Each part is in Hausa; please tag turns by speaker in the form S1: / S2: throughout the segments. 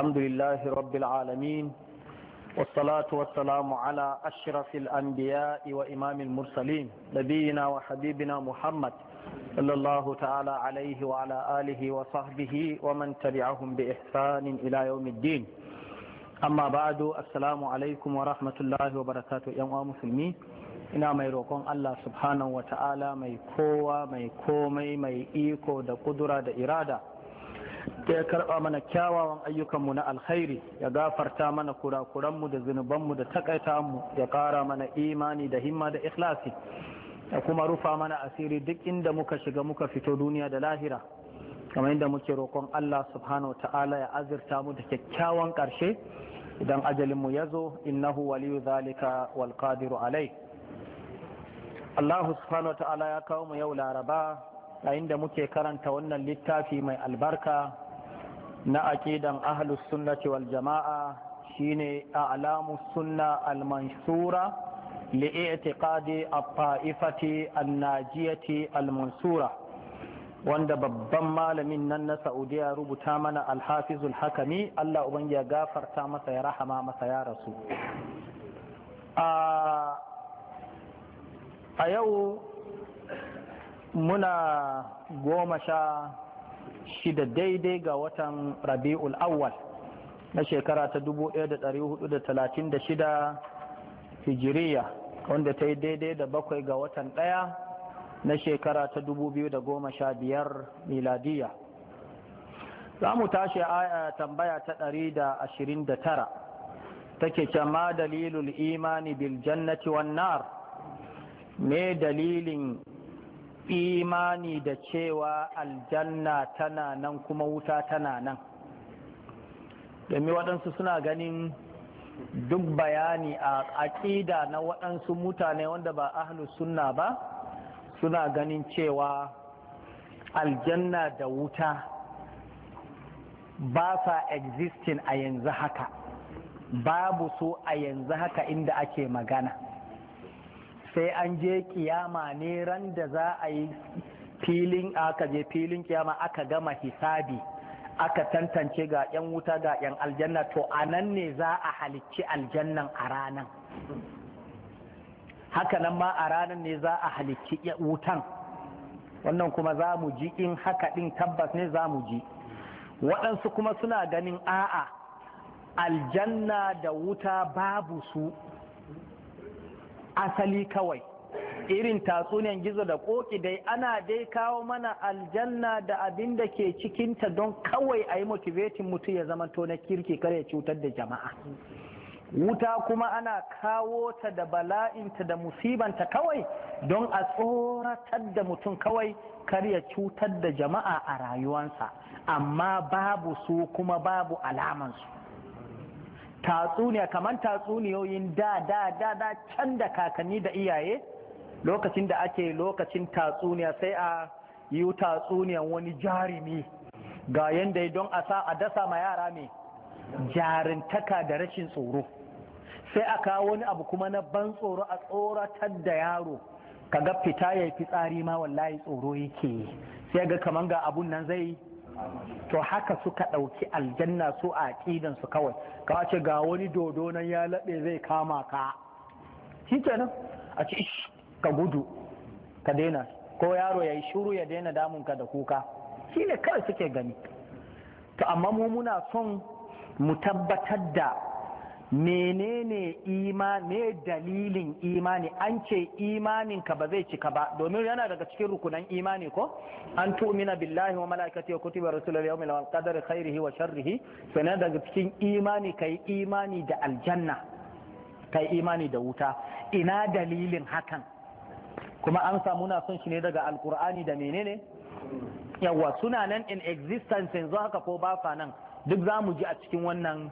S1: الحمد لله رب العالمين والصلاة والسلام على أشرف الأنبياء وإمام المرسلين نبينا وحبيبنا محمد صلى الله تعالى عليه وعلى آله وصحبه ومن تبعهم بإحسان إلى يوم الدين أما بعد السلام عليكم ورحمة الله وبركاته يا مسلمين ina mai roƙon Allah subhanahu wa ta'ala mai kowa mai komai mai iko da kudura da irada da ya karɓa mana kyawawan ayyukanmu na alkhairi ya gafarta mana kurakuranmu da zunubanmu da mu ya ƙara mana imani da himma da ikhlasi ya kuma rufa mana asiri duk inda muka shiga muka fito duniya da lahira kamar inda muke roƙon Allah subhanahu ta'ala ya azirta mu da kyakkyawan ƙarshe idan ajalinmu ya zo innahu waliyu zalika wal qadiru alai Allah subhanahu ta'ala ya kawo mu yau laraba A inda muke karanta wannan littafi mai albarka na aqidan ahlus sunnati wal jama'a shine a'lamu sunna al mansura li i'tiqadi at-ta'ifati an-najiyati al-mansura wanda babban malamin nan na Saudiya rubuta mana al al hakami Allah ubangi ya gafarta masa ya rahama masa ya rasu a yau muna goma sha shida daidai ga watan rabi'ul awwal na shekara ta 1436 hijiriya wanda ta yi daidai da bakwai ga watan ɗaya na shekara ta 2015 miladiya za mu tashi aya tambaya ta 129 take ce ma dalilul imani bil jannati wan nar me dalilin imani da cewa aljanna tana nan kuma wuta tana nan domin waɗansu suna ganin duk bayani a aƙida na waɗansu mutane wanda ba ahlu sunna ba suna ganin cewa aljanna da wuta ba sa existing a yanzu haka babu su a yanzu haka inda ake magana sai an je kiyama ne ran da za a yi filin aka je filin kiyama aka gama hisabi aka tantance ga 'yan wuta ga 'yan aljanna to a nan ne za a halicci aljannan a ranan hakanan ma a ranan ne za a halicci wutan wannan kuma za mu ji in haka ɗin tabbas ne za mu ji waɗansu kuma suna ganin a'a aljanna da wuta babu su asali kawai irin tatsuniyar gizo da koki dai ana dai kawo mana aljanna da abin da ke cikinta don kawai a yi motivating mutum ya zama to na kirki kare ya cutar da jama'a wuta kuma ana kawo ta da bala'inta da musibanta kawai don a tsoratar da mutum kawai kar ya cutar da jama'a a rayuwansa amma babu su kuma babu alamansu tatsuniya kamar tatsuniyoyin da da da da can da kakanni da iyaye lokacin da ake lokacin tatsuniya sai a yi tatsuniyan wani jarumi ga yanda don a sa a dasa ma yara mai jarintaka da rashin tsoro sai a kawo wani abu kuma na ban tsoro a tsoratar da yaro kaga fita ya yi fitsari ma wallahi tsoro yake sai ga kamar ga abun nan zai to haka suka ɗauki aljanna su a su kawai ka ce ga wani dodo nan ya laɓe zai kama ka shi kenan a ce ka gudu ka daina ko yaro ya yi shuru ya daina damun ka da kuka shi ne kawai suke gani to amma mu muna son mu tabbatar da menene imani dalilin imani an ce imaninka ba zai cika ba domin yana daga cikin rukunan imani ko an tu'mina billahi wa malaikatihi wa kutubi wa rusulihi wa yawmil qadari khairihi wa sharrihi na daga cikin imani kai imani da aljanna kai imani da wuta ina dalilin hakan kuma an samu na son shi ne daga alkur'ani da menene yawa suna nan in existence yanzu haka ko ba fa nan duk za mu ji a cikin wannan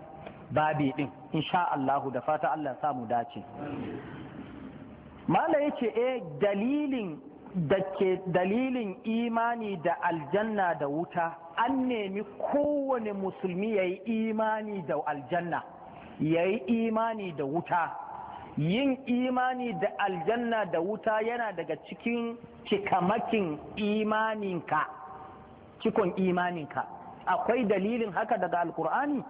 S1: babi din insha Allah da fata Allah samu dace mala ce eh dalilin da ke dalilin imani da aljanna da wuta an nemi kowane musulmi ya yi imani da aljanna ya yi imani da wuta yin imani da aljanna da wuta yana daga cikin cikamakin imaninka cikon imaninka akwai dalilin haka daga alkur'ani